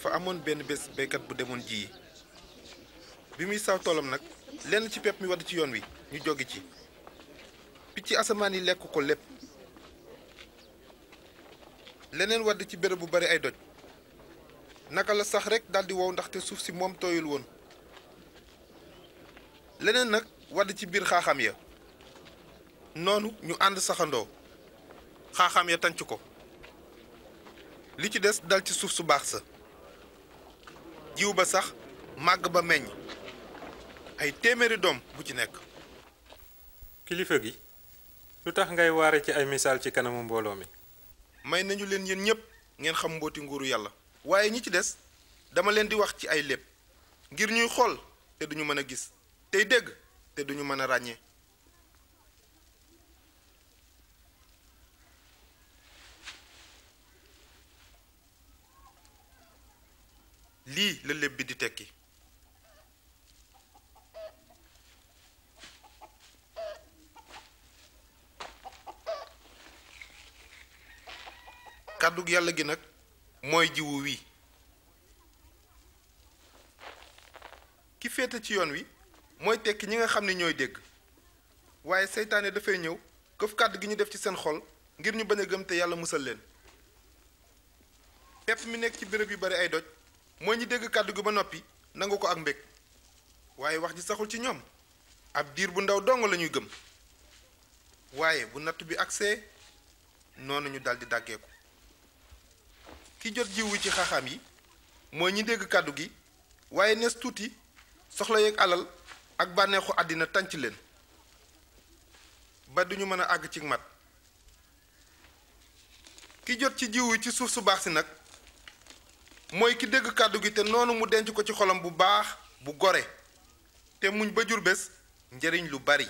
dafa amoon benn bés béykat bu demoon ji bi muy saw toolam nag lenn ci pepp mi wadd ci yoon wi ñu joggi ci picc asamaan yi lekk ko lépp leneen wadd ci béréb bu bari ay doj naka la sax rek daldi wow ndaxte suuf si moom tooyul woon leneen nag wadd ci biir xaaxam ya noonu ñu ànd saxandoo xaaxam ya tànc ko li ci des dal ci suuf su baax sa jiw ba sax màgg ba meññ ay téeméeri doom bu ci nekk. kilifa gi lu tax ngay waare ci ay misaal ci kanamu mbooloo mi. may nañu leen yéen ñëpp ngeen xam mbóoti nguuru yàlla. waaye ñi ci des dama leen di wax ci ay lépp ngir ñuy xool te duñu mën a gis tey dégg te duñu mën a ràññee. lii la léeb bi di tekki kàddu yàlla gi nag mooy jiwu wi ki féete ci yoon wi mooy tekki ñi nga xam ne ñooy dégg waaye seytaane dafay ñëw këf kàdd gi ñu def ci seen xol ngir ñu bañ a gëm te yàlla musal leen pepp mu nekk ci bërëb yu bari ay doj mooy ñi dégg kàddu gi ba noppi nangu ko ak mbég waaye wax ji saxul ci ñoom ab diir bu ndaw dong lañuy gëm waaye bu natt bi agsee noonu ñu daldi dàggeeku ki jot jiwu ci xaaxaam yi mooy ñi dégg kàddu gi waaye nees tuuti soxla yeeg alal ak bànneexu àddina tànc leen ba duñu mën a àgg ci mat ki jot ci jiwu ci suuf su baax si nag mooy ki dégg kàddu gi te noonu mu denc ko ci xolam bu baax bu gore te muñ ba jur bés njëriñ lu bari